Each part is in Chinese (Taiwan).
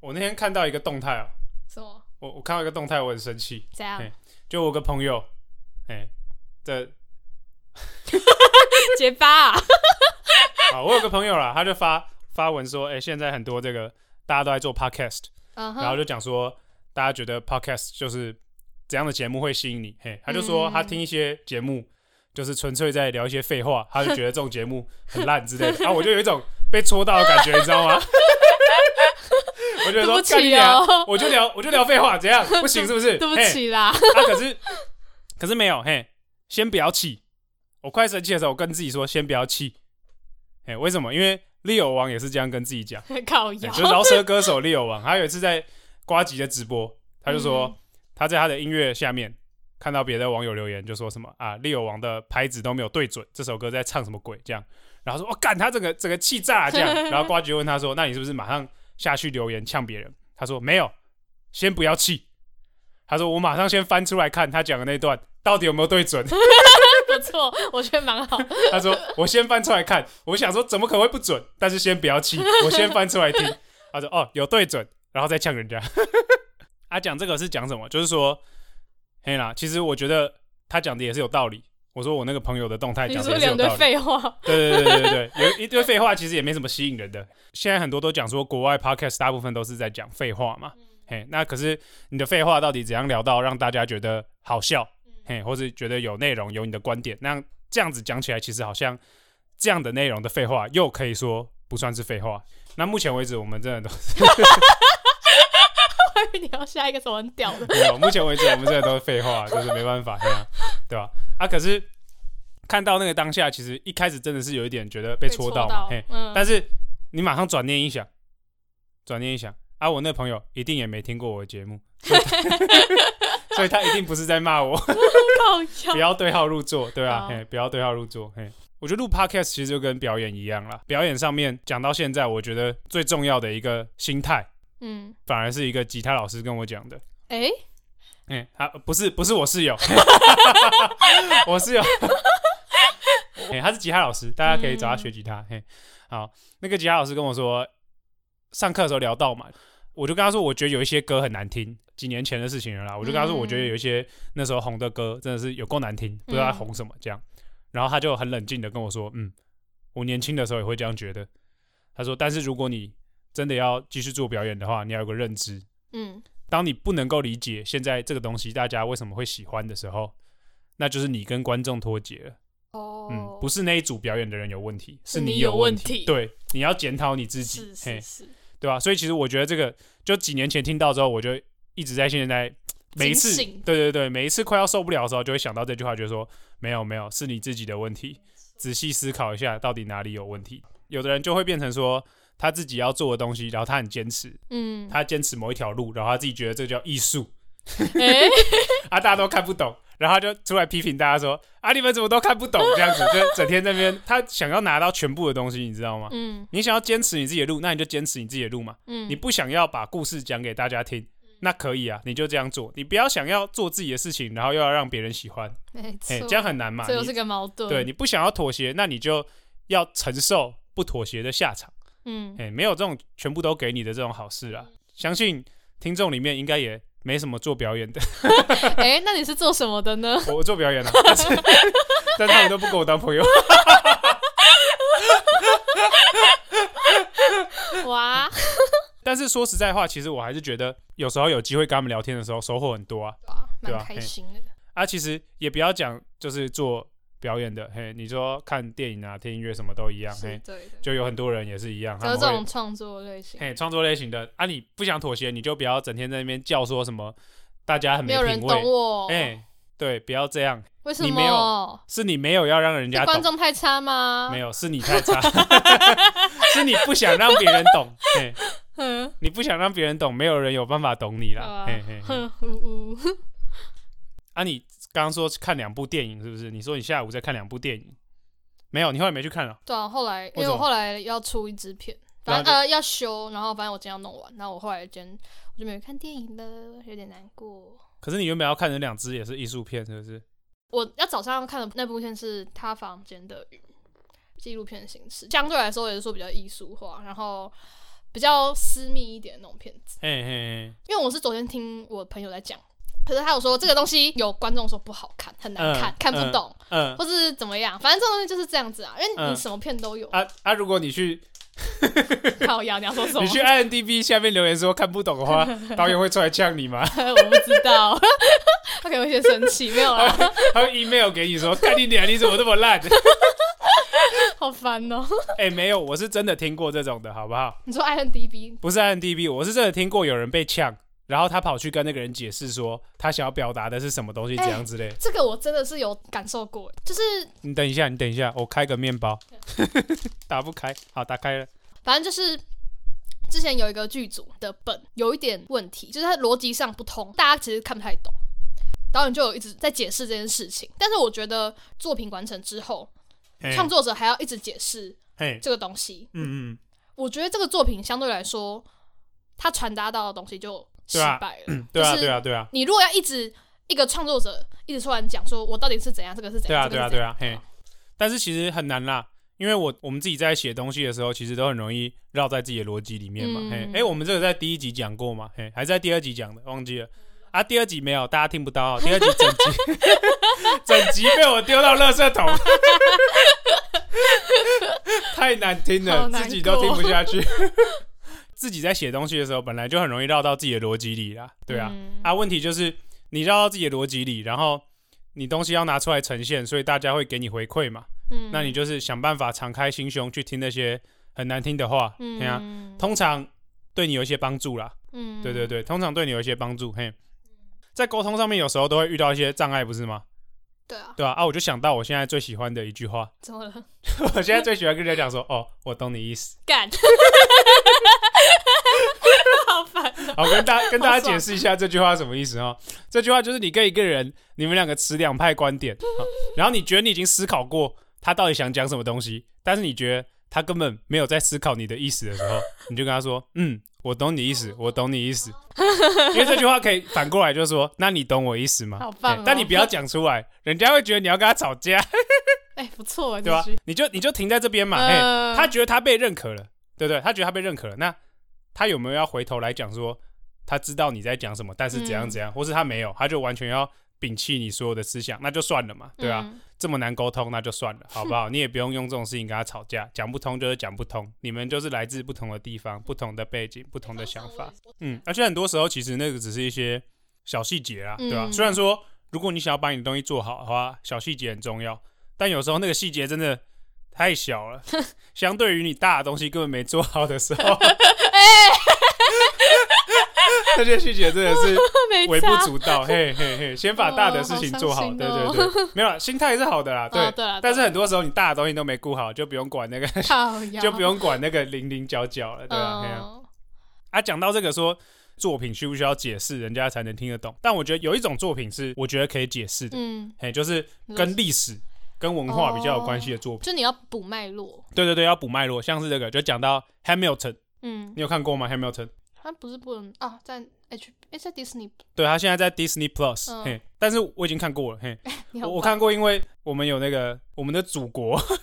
我那天看到一個動態啊，什麼做我我看到一個動態，我很生氣樣。就我個朋友，哎，的， 結巴啊！我有個朋友啦，他就發發文說，哎、欸，現在很多這個大家都在做 podcast，uh huh. 然後就講說，大家覺得 podcast 就是怎樣的節目會吸引你？他就說他聽一些節目，嗯、就是純粹在聊一些廢話，他就覺得這種節目很爛之類的。然、啊、後我就有一種被戳到的感覺，你知道嗎？ 我覺得說、哦，我就聊，我就聊廢話，怎樣？不行 對是不是？對不起啦，可是，可是沒有嘿。Hey, 先不要氣，我快生氣的時候，我跟自己說，先不要氣。Hey, 為什麼？因為 Leo 王也是這樣跟自己講。搞笑我覺得饒舌歌手 Leo 王， 他有一次在呱吉的直播，他就說他在他的音樂下面看到別的網友留言，就說什麼啊，Leo 王的拍子都沒有對準，這首歌在唱什麼鬼這樣。然後說：“我、哦、幹他整個，整個氣炸、啊、這樣。”然後瓜姐問他說：“那你是不是馬上下去留言嗆別人？”他說：“沒有，先不要氣。”他說：“我馬上先翻出來看他講的那段到底有沒有對準。”不錯，我覺得蠻好。他說：“我先翻出來看，我想說怎麼可能會不準，但是先不要氣，我先翻出來聽。”他說：“哦，有對準，然後再嗆人家。 啊”他講這個是講什麼？就是說，嘿啦，其實我覺得他講的也是有道理。我說我那個朋友的動態講是，講了兩堆廢話，對對對對對，有一堆廢話，其實也沒什麼吸引人的。現在很多都講說國外 podcast 大部分都是在講廢話嘛，嗯、嘿，那可是你的廢話到底怎樣聊到讓大家覺得好笑，嗯、嘿，或是覺得有內容、有你的觀點，那這樣子講起來，其實好像這樣的內容的廢話又可以說不算是廢話。那目前為止，我們真的都，是。我以為你要下一個是很屌的，沒有，目前為止我們真的都是廢話，就是沒辦法，對 對吧？啊，可是看到那個當下，其實一開始真的是有一點覺得被戳到，戳到嘿。嗯、但是你馬上轉念一想，轉念一想，啊，我那朋友一定也沒聽過我的節目，所以他一定不是在罵我。我 不要對號入座，對啊，好嘿，不要對號入座。嘿，我覺得錄 Podcast 其實就跟表演一樣了。表演上面講到現在，我覺得最重要的一個心態，嗯，反而是一個吉他老師跟我講的，哎。哎，他、欸啊、不是不是我室友，我室友，哎，他是吉他老師，大家可以找他學吉他。嘿、嗯欸，好，那個吉他老師跟我說，上課的時候聊到嘛，我就跟他說，我覺得有一些歌很難聽，幾年前的事情了啦，我就跟他說，我覺得有一些那時候紅的歌真的是有夠難聽，嗯、不知道他紅什麼這樣。然後他就很冷靜的跟我說，嗯，我年輕的時候也會這樣覺得。他說，但是如果你真的要繼續做表演的話，你要有個認知，嗯。當你不能夠理解現在這個東西大家為什麼會喜歡的時候，那就是你跟觀眾脫節了。哦，oh, 嗯，不是那一組表演的人有問題，是你有問題。你有問題。對，你要檢討你自己。是是是，嘿，對吧，啊？所以其實我覺得這個，就幾年前聽到之後，我就一直在現在每一次，警醒，對對對，每一次快要受不了的時候，就會想到這句話，就說沒有沒有，是你自己的問題，仔細思考一下到底哪裡有問題。有的人就會變成說。他自己要做的東西，然後他很堅持，嗯，他堅持某一條路，然後他自己覺得這叫藝術， 欸、啊，大家都看不懂，然後就出來批評大家說，啊，你們怎麼都看不懂？這樣子，就整天那邊 他想要拿到全部的東西，你知道嗎？嗯，你想要堅持你自己的路，那你就堅持你自己的路嘛，嗯，你不想要把故事講給大家聽，那可以啊，你就這樣做，你不要想要做自己的事情，然後又要讓別人喜歡，哎錯，這樣很難嘛，這個是個矛盾，對，你不想要妥協，那你就要承受不妥協的下場。嗯，哎、欸，沒有這種全部都給你的這種好事啊！嗯、相信聽眾裡面應該也沒什麼做表演的。哎、 欸，那你是做什麼的呢？我做表演的、啊，但， 但他們都不跟我當朋友。 哇！但是說實在話，其實我還是覺得有時候有機會跟他們聊天的時候，收穫很多啊，對吧？蠻開心的啊，啊，其實也不要講，就是做。表演的嘿，你說看電影啊、聽音樂什麼都一樣，對，就有很多人也是一樣。有這種創作類型，嘿，創作類型的啊，你不想妥協，你就不要整天在那邊叫說什麼，大家很，沒有人懂我，哎，對，不要這樣。為什麼？你沒有是你沒有要讓人家觀眾太差嗎？沒有，是你太差，是你不想讓別人懂，嗯，你不想讓別人懂，沒有人有辦法懂你了，嘿嘿，嗚啊你。剛剛說看兩部電影是不是？你說你下午再看兩部電影，沒有，你後來沒去看了。對啊，後來因為我後來要出一支片，反正然後呃要修，然後反正我今天要弄完，然後我後來今天我就沒有看電影了，有點難過。可是你原本要看的兩支也是藝術片，是不是？我要早上看的那部片是《他房間的雲》，紀錄片的形式，相對來說也是說比較藝術化，然後比較私密一點的那種片子。嘿嘿嘿，因為我是昨天聽我朋友在講。可是他有說這個東西有觀眾說不好看，很難看，嗯、看不懂，嗯，或是怎麼樣？反正這種東西就是這樣子啊，因為你什麼片都有。啊、嗯、啊！啊如果你去看我你要說什麼？ 你去 IMDB 下面留言說看不懂的話，導演會出來嗆你嗎 欸？我不知道，他可能有些生氣，沒有啦。 他會 email 給你說：“看你演你怎麼這麼爛。 好煩喔”好煩哦！哎，沒有，我是真的聽過這種的，好不好？你說 IMDB 不是 IMDB 我是真的聽過有人被嗆。然後他跑去跟那個人解釋說，他想要表達的是什麼東西、怎樣之類的，欸，這個我真的是有感受過，就是你等一下，你等一下，我開個麵包， 打不開，好，打開了。反正就是之前有一個劇組的本有一點問題，就是它邏輯上不通，大家其實看不太懂。導演就有一直在解釋這件事情，但是我覺得作品完成之後，欸，創作者還要一直解釋這個東西。嗯、欸、嗯，嗯我覺得這個作品相對來說，它傳達到的東西就、失啊，失了， 就是、對啊，對啊，對啊。你如果要一直一個創作者一直突然講說，我到底是怎樣，這個是怎樣，對啊，對啊，對啊好。嘿，但是其實很難啦，因為我我們自己在寫東西的時候，其實都很容易繞在自己的邏輯裡面嘛。嗯、嘿，哎、欸，我們這個在第一集講過嘛？嘿，還是在第二集講的，忘記了、嗯、啊？第二集沒有，大家聽不到、哦。第二集整集， 整集被我丟到垃圾桶， 太難聽了，自己都聽不下去。 自己在寫東西的時候，本來就很容易繞到自己的邏輯裡啦，對啊，嗯、啊問題就是你繞到自己的邏輯裡，然後你東西要拿出來呈現，所以大家會給你回饋嘛，嗯，那你就是想辦法敞開心胸去聽那些很難聽的話，嗯、對啊，通常對你有一些幫助啦，嗯，對對對，通常對你有一些幫助，嘿，在溝通上面有時候都會遇到一些障礙，不是嗎？對啊，對啊。啊，我就想到我現在最喜歡的一句話，怎麼了？ 我現在最喜歡跟人家講說，哦，我懂你意思，幹幹。 哈哈哈好煩的。好，跟大家跟大家解釋一下這句話什麼意思爽哦。這句話就是你跟一個人，你們兩個持兩派觀點，哦，然後你覺得你已經思考過他到底想講什麼東西，但是你覺得他根本沒有在思考你的意思的時候，你就跟他說：“嗯，我懂你意思，我懂你意思。” 因為這句話可以反過來就是說：“那你懂我意思嗎？”好煩，哦欸。但你不要講出來，人家會覺得你要跟他吵架。哎 欸，不錯啊，對吧？你就你就停在這邊嘛，呃。他覺得他被認可了。對對，他覺得他被認可了，那他有沒有要回頭來講說，他知道你在講什麼，但是怎樣怎樣，嗯、或是他沒有，他就完全要摒棄你所有的思想，那就算了嘛，對吧、啊？嗯、這麼難溝通，那就算了，好不好？哼你也不用用這種事情跟他吵架，講不通就是講不通，你們就是來自不同的地方，不同的背景，不同的想法，嗯，而且很多時候其實那個只是一些小細節啦、啊，對吧、啊？嗯、雖然說如果你想要把你的東西做好的話，小細節很重要，但有時候那個細節真的。太小了，相對於你大的東西根本沒做好的時候，哎、 欸， 這些細節真的是微不足道，嘿、哦、嘿嘿，先把大的事情做好，哦、好對對對，沒有，心態是好的啦，對、哦、對，對，但是很多時候你大的東西都沒顧好，就不用管那個，謠 就不用管那個零零角角了，對吧、哦啊？啊，講到這個說作品需不需要解釋，人家才能聽得懂？但我覺得有一種作品是我覺得可以解釋的，嗯嘿，就是跟歷史。就是跟文化比較有關係的作品，oh, 就你要補脈絡。對對對，要補脈絡，像是這個，就講到《Hamilton》。嗯，你有看過嗎？《Hamilton》他不是不能啊，在 H，哎，在 Disney。對，他現在在 Disney Plus。Oh. 嘿，但是我已經看過了。嘿， 管我我看過，因為我們有那個《我們的祖國》呵呵。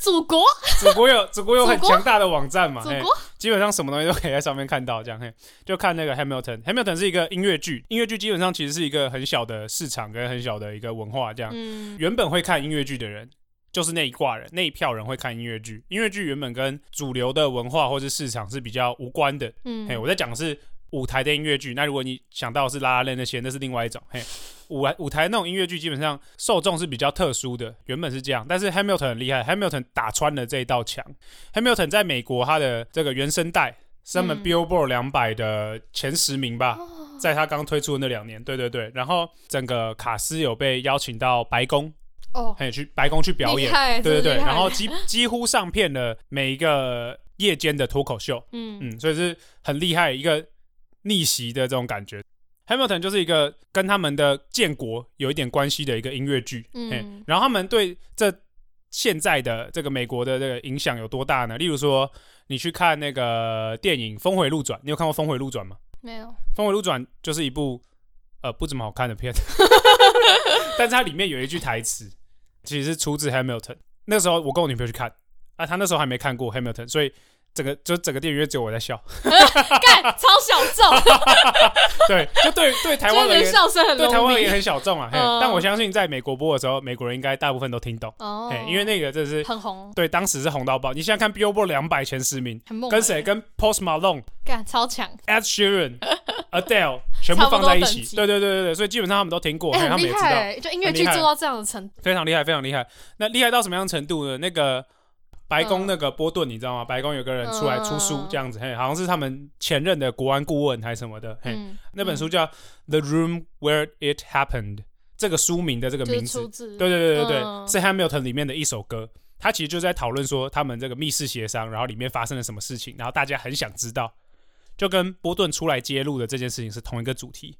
祖國，祖國有，祖國有很強大的網站嘛，祖，祖嘿基本上什麼東西都可以在上面看到。這樣，嘿，就看那個 Hamilton，Hamilton Ham 是一個音樂劇，音樂劇基本上其實是一個很小的市場跟很小的一個文化。這樣，嗯，原本會看音樂劇的人，就是那一掛人，那一票人會看音樂劇。音樂劇原本跟主流的文化或是市場是比較無關的。嗯，嘿，我在講的是。舞台的音樂劇，那如果你想到是 La La Land 那些，那是另外一種。嘿，舞舞台那種音樂劇基本上受眾是比較特殊的，原本是這樣。但是 Hamilton 很厲害，Hamilton 打穿了這一道牆。Hamilton 在美國，他的這個原聲帶是他們 Billboard 兩百、嗯、的前十名吧，在他剛推出的那兩年。哦、對對對，然後整個卡司有被邀請到白宮哦，嘿去白宮去表演，害對對對，是是然後幾幾乎上遍了每一個夜間的脫口秀，嗯嗯，所以是很厲害一個。逆襲的這種感覺，《Hamilton》就是一個跟他們的建國有一點關係的一個音樂劇。嗯，然後他們對這現在的這個美國的這個影響有多大呢？例如說，你去看那個電影《峰回路轉》，你有看過《峰回路轉》嗎？沒有，《峰回路轉》就是一部呃不怎麼好看的片， 但是它裡面有一句台詞，其實是出自《Hamilton》。那時候我跟我女朋友去看，啊，她那時候還沒看過《Hamilton》，所以。整個就整個電影院只有我在笑，幹超小眾，對，就對對台灣人，言，對台灣人也很小眾啊。但我相信在美國播的時候，美國人應該大部分都聽懂哦，因為那個真的是很紅。對，當時是紅到爆。你現在看 Billboard 兩百前十名，跟誰跟 Post Malone，幹超強 Ed Sheeran，Adele，全部放在一起。對對對對所以基本上他們都聽過，然後也知道。就音樂劇做到這樣的程度，非常厲害，非常厲害。那厲害到什麼樣程度呢？那個。白宮那個波頓，你知道嗎？Uh, 白宮有個人出來出書這樣子，uh, 嘿，好像是他們前任的國安顧問還是什麼的。Uh, 嘿，嗯，那本書叫《The Room Where It Happened》，這個書名的這個名字，對對對對對，uh, 是 Hamilton 裡面的一首歌。他其實就在討論說他們這個密室協商，然後裡面發生了什麼事情，然後大家很想知道，就跟波頓出來揭露的這件事情是同一個主題。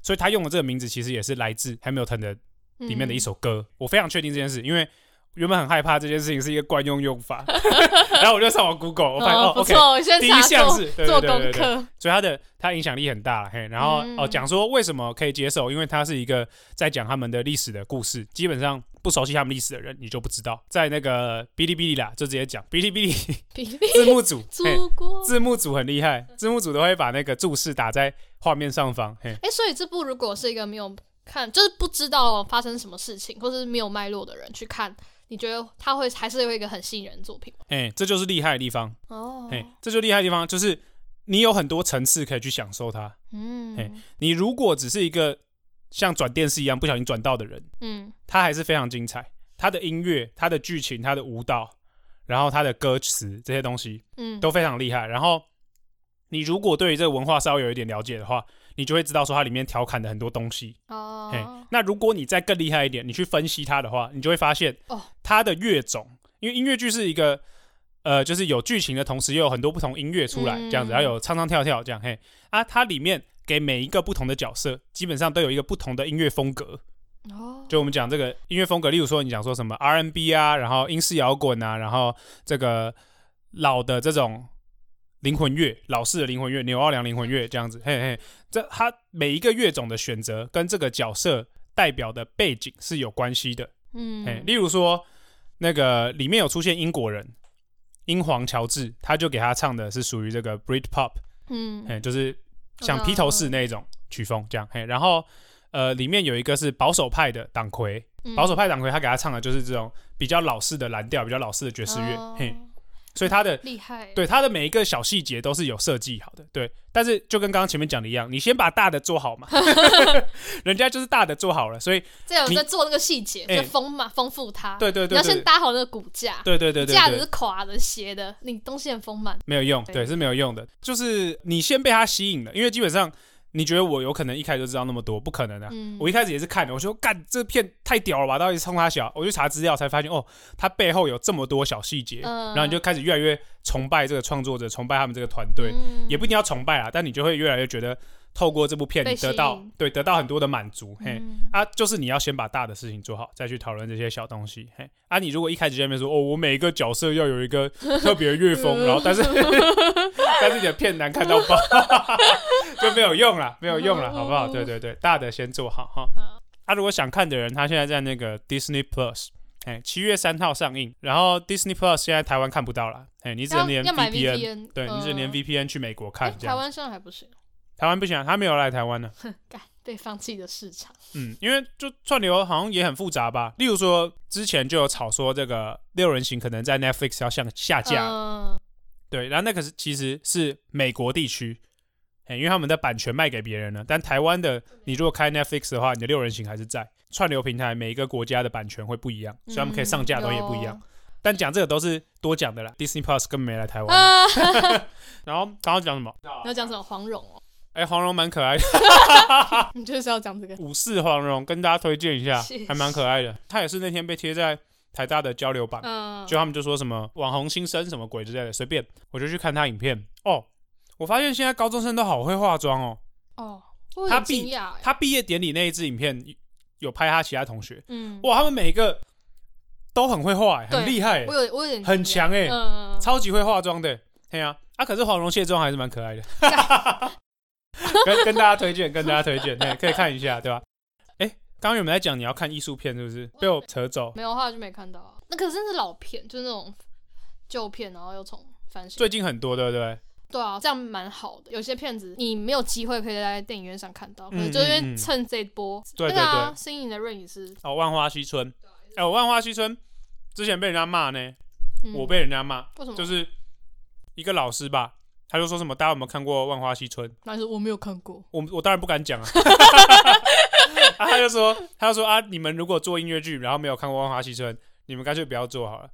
所以他用的這個名字其實也是來自 Hamilton 的裡面的一首歌。Uh, 我非常確定這件事，因為。原本很害怕這件事情是一個慣用用法， 然後我就上網 Google，哦，我發現哦不錯，okay, 先查，第一項是做，做功課，所以他的他影響力很大嘿，然後、嗯、哦講說為什麼可以接受，因為他是一個在講他們的歷史的故事，基本上不熟悉他們歷史的人你就不知道。在那個嗶哩嗶哩啦就直接講嗶哩嗶哩，哩字幕組 國，字幕組很厲害，字幕組都會把那個注釋打在畫面上方，哎、欸，所以這部如果是一個沒有看，就是不知道發生什麼事情或者是沒有脈絡的人去看。你覺得他會還是會有一個很吸引人的作品？哎、欸，這就是厲害的地方哦。哎、oh. 欸，這就是厲害的地方，就是你有很多層次可以去享受它。嗯，哎，你如果只是一個像轉電視一樣不小心轉到的人，嗯，mm. 它還是非常精彩。它的音樂、它的劇情、它的舞蹈，然後它的歌詞，這些東西，嗯，mm. 都非常厲害。然後。你如果對於這個文化稍微有一點了解的話，你就會知道說它裡面調侃的很多東西哦。Oh. 嘿，那如果你再更厲害一點，你去分析它的話，你就會發現哦，它的樂種，oh. 因為音樂劇是一個呃，就是有劇情的同時又有很多不同音樂出來、mm hmm. 這樣子，然後有唱唱跳跳這樣嘿啊，它裡面給每一個不同的角色基本上都有一個不同的音樂風格哦。Oh. 就我們講這個音樂風格，例如說你講說什麼 R&B 啊，然後英式搖滾啊，然後這個老的這種。靈魂樂，老式的靈魂樂，紐奧良靈魂樂這樣子，嗯、嘿嘿，這他每一個樂種的選擇跟這個角色代表的背景是有關係的，嗯，例如說那個裡面有出現英國人，英皇喬治，他就給他唱的是屬於這個 Brit Pop，嗯，就是像披頭士那一種、嗯、曲風這樣，嘿，然後呃，裡面有一個是保守派的黨魁，嗯、保守派黨魁他給他唱的就是這種比較老式的藍調，比較老式的爵士樂，哦、嘿。所以他的厲害，對他的每一個小細節都是有設計好的，對。但是就跟剛剛前面講的一樣，你先把大的做好嘛， 人家就是大的做好了，所以這樣有在做那個細節，欸、就豐滿豐富它。對對，對對對，要先搭好那個骨架，對對，對對對，架子是垮的、斜的，你東西很豐滿，沒有用，對，對是沒有用的。就是你先被它吸引了，因為基本上。你覺得我有可能一開始就知道那麼多？不可能的、啊。嗯、我一開始也是看的，我就說，幹這片太屌了吧，到底是衝他小？我去查資料才發現哦，他背後有這麼多小細節。呃、然後你就開始越來越崇拜這個創作者，崇拜他們這個團隊，嗯、也不一定要崇拜啊，但你就會越來越覺得透過這部片得到對得到很多的滿足。嘿，嗯、啊，就是你要先把大的事情做好，再去討論這些小東西。嘿，啊，你如果一開始見面說哦，我每一個角色要有一個特別的樂風，嗯、然後但是、嗯、 但是你的片難看到爆。嗯 就沒有用了，沒有用了，哦、好不好？對對對，大的先做好哈。他、哦好啊、如果想看的人，他現在在那個 Disney Plus，7、欸、七月三號上映，然後 Disney Plus 現在台灣看不到了、欸，你只能連 VPN，, VPN 對、呃、你只能連 VPN 去美國看、欸。台灣現在還不行，台灣不行、啊，他沒有來台灣呢、啊。對，放棄的市場。嗯，因為就串流好像也很複雜吧。例如說，之前就有炒說這個六人行可能在 Netflix 要向下架，呃、對，然後那個是其實是美國地區。因為他們的版權賣給別人了，但台灣的你如果開 Netflix 的話，你的六人行還是在串流平台。每一個國家的版權會不一樣，嗯、所以他們可以上架都也不一樣。有但講這個都是多講的啦。Disney Plus 根本沒來台灣。啊、 然後剛剛講什麼？要講什麼？黃蓉哦。哎、欸，黃蓉蠻可愛的。 你就是要講這個。五四黃蓉跟大家推薦一下，是還蠻可愛的。他也是那天被貼在台大的交流版，就、啊、他們就說什麼網紅新生什麼鬼之類的，隨便我就去看他影片哦。我發現現在高中生都好會化妝哦。哦，他畢他畢業典禮那一支影片有拍他其他同學。嗯，哇，他們每一個都很會化，很厲害。我有我有點很強哎，超級會化妝的。對啊，可是黃蓉卸妝還是蠻可愛的。跟大家推薦，跟大家推薦，那可以看一下，對吧？哎，剛剛有沒有在講你要看藝術片是不是？被我扯走，沒有的話就沒看到。那可是那是老片，就是那種舊片，然後又重翻。最近很多，對不對？對啊，這樣蠻好的。有些片子你沒有機會可以在電影院上看到，嗯、可是就因為趁這波對，對，對啊，Singin' in the Rain 也是哦，《萬花嬉春，哎，《欸、我萬花嬉春之前被人家罵呢，嗯、我被人家罵，為什麼？就是一個老師吧，他就說什麼，大家有沒有看過《萬花嬉春？那是我沒有看過，我我當然不敢講啊， 啊。他就說，他就說啊，你們如果做音樂劇，然後沒有看過《萬花嬉春，你們乾脆不要做好了。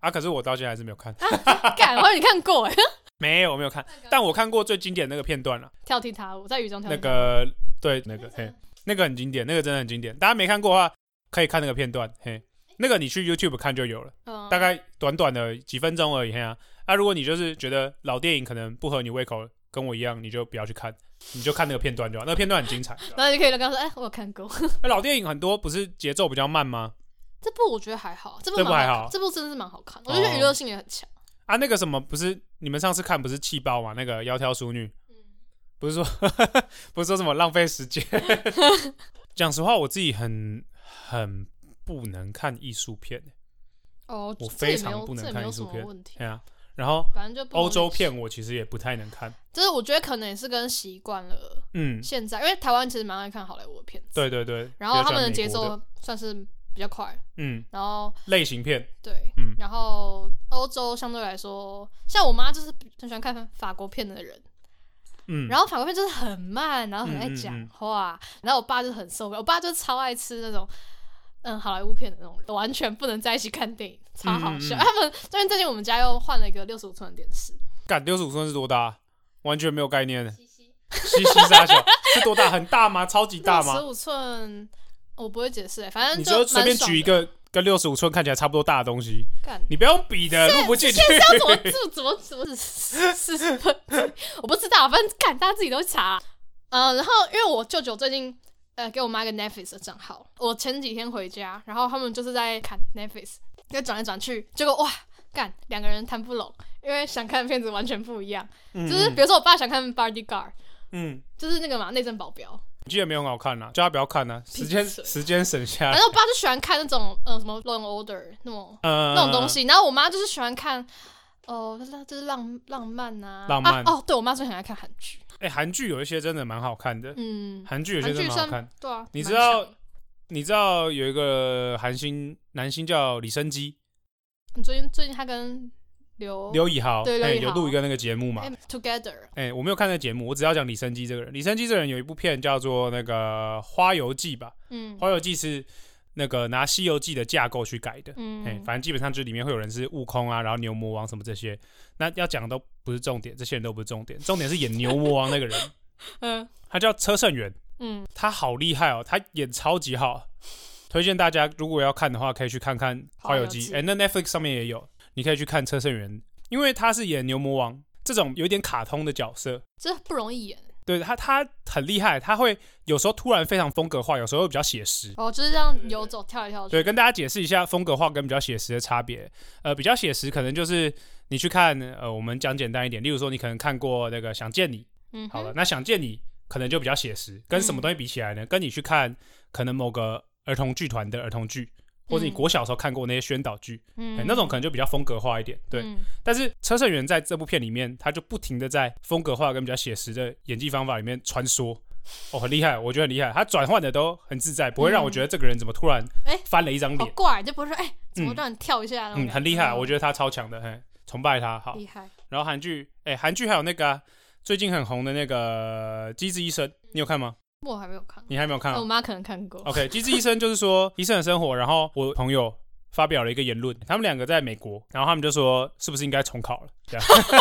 啊，可是我到現在還是沒有看。 啊、敢，我以為你看過哎、欸。沒有，我沒有看，那個、但我看過最經典的那個片段了，跳踢踏舞在雨中跳那個，對，那個嘿，那個很經典，那個真的很經典。大家沒看過的話，可以看那個片段，嘿，那個你去 YouTube 看就有了，嗯、大概短短的幾分鐘而已嘿啊。那、啊、如果你就是覺得老電影可能不合你胃口，跟我一樣，你就不要去看，你就看那個片段就好， 那個片段很精彩， 你然後就可以跟他說，哎，我有看過。 老電影很多不是節奏比較慢嗎？這部我覺得還好，這部還好，這部、還好，這部真的是蠻好看，哦、我覺得娛樂性也很強。啊，那個什麼不是你們上次看不是氣包嘛？那個窈窕淑女，嗯、不是說呵呵不是說什麼浪費時間？講 實話，我自己很很不能看藝術片。哦，我非常不能看藝術片。對啊，然後歐洲片我其實也不太能看。就是我覺得可能也是跟習慣了。嗯。現在因為台灣其實蠻愛看好萊塢的片，嗯、對對對。然後他們的節奏算是。比較快，嗯，然後類型片，對，嗯，然後歐洲相對來說，像我媽就是很喜歡看法國片的人，嗯，然後法國片就是很慢，然後很愛講話，嗯嗯嗯，然後我爸就很受不了，我爸就超愛吃那種，嗯，好萊塢片的那種，完全不能在一起看電影，超好笑。嗯嗯嗯，他們最近最近我們家又換了一個六十五寸的電視，幹六十五寸是多大，啊。完全沒有概念，嘻嘻嘻，三小 是多大？很大嗎？超級大嗎？六十五寸。我不會解釋，哎，反正就你就隨便舉一個跟六十五寸看起來差不多大的東西，幹幹，你不用比的，錄是不進去。天怎麼怎麼怎麼是，是我不知道，反正幹，大家自己都查，啊。嗯、呃，然後因為我舅舅最近呃給我媽個 Netflix 賬號，我前幾天回家，然後他們就是在看 Netflix，轉來轉去，結果哇，幹兩個人談不攏，因為想看的片子完全不一樣，就是比如說我爸想看 Bodyguard 嗯，就是那個嘛內政保鏢。劇也沒有很好看吶、啊，叫他不要看吶、啊。時間 Pizza. 時間省下來。然後、哎、我爸就喜歡看那種嗯、呃、什麼 long order 那種、呃、那種東西，然後我媽就是喜歡看哦、呃，就是浪浪漫啊浪漫啊哦。對，我媽最近很愛看韓劇，哎、欸，韓劇有一些真的蠻好看的，嗯，韓劇有一些真的蠻好看，對啊。你知道你知道有一個韓星男星叫李昇基，你最近最近他跟。劉劉劉以豪哎、欸，有錄一個那個節目嘛 And？Together，、欸、我沒有看那個節目，我只要講李昇基這個人。李昇基這個人有一部片叫做那個《花遊記》吧？嗯，《花遊記》是那個拿《西遊記》的架構去改的。嗯、欸，反正基本上就是裡面會有人是悟空啊，然後牛魔王什麼這些。那要講的都不是重點，這些人都不是重點，重點是演牛魔王那個人。 嗯，他叫車勝元。嗯，他好厲害哦，他演超級好，推薦大家如果要看的話，可以去看看《花遊記》、欸、那 Netflix 上面也有。你可以去看車勝元，因為他是演牛魔王這種有點卡通的角色，這不容易演。對，他、他很厲害，他會有時候突然非常風格化，有時候會比較寫實。哦，就是這樣遊走跳一跳。對，跟大家解釋一下風格化跟比較寫實的差別。呃，比較寫實可能就是你去看，呃，我們講簡單一點，例如說你可能看過那個《想見你》。嗯哼。好了，那《想見你》可能就比較寫實，跟什麼東西比起來呢？嗯、跟你去看可能某個兒童劇團的兒童劇。或者你國小的時候看過那些宣導劇，嗯、欸，那種可能就比較風格化一點，對。嗯、但是車勝元在這部片裡面，他就不停的在風格化跟比較寫實的演技方法裡面穿梭，哦，很厲害，我覺得很厲害，他轉換的都很自在，不會讓我覺得這個人怎麼突然哎翻了一張臉，嗯欸、好怪，就不會說哎、欸、怎麼突然跳一下、啊，嗯，嗯，很厲害，我覺得他超強的，很、欸、崇拜他，好厲害。然後韓劇，哎、欸，韓劇還有那個、啊、最近很紅的那個《機智醫生》，你有看嗎？我還沒有看，你還沒有看，我媽可能看過。OK，《機智醫生》就是說 醫生的生活，然後我朋友發表了一個言論，他們兩個在美國，然後他們就說是不是應該重考了？這樣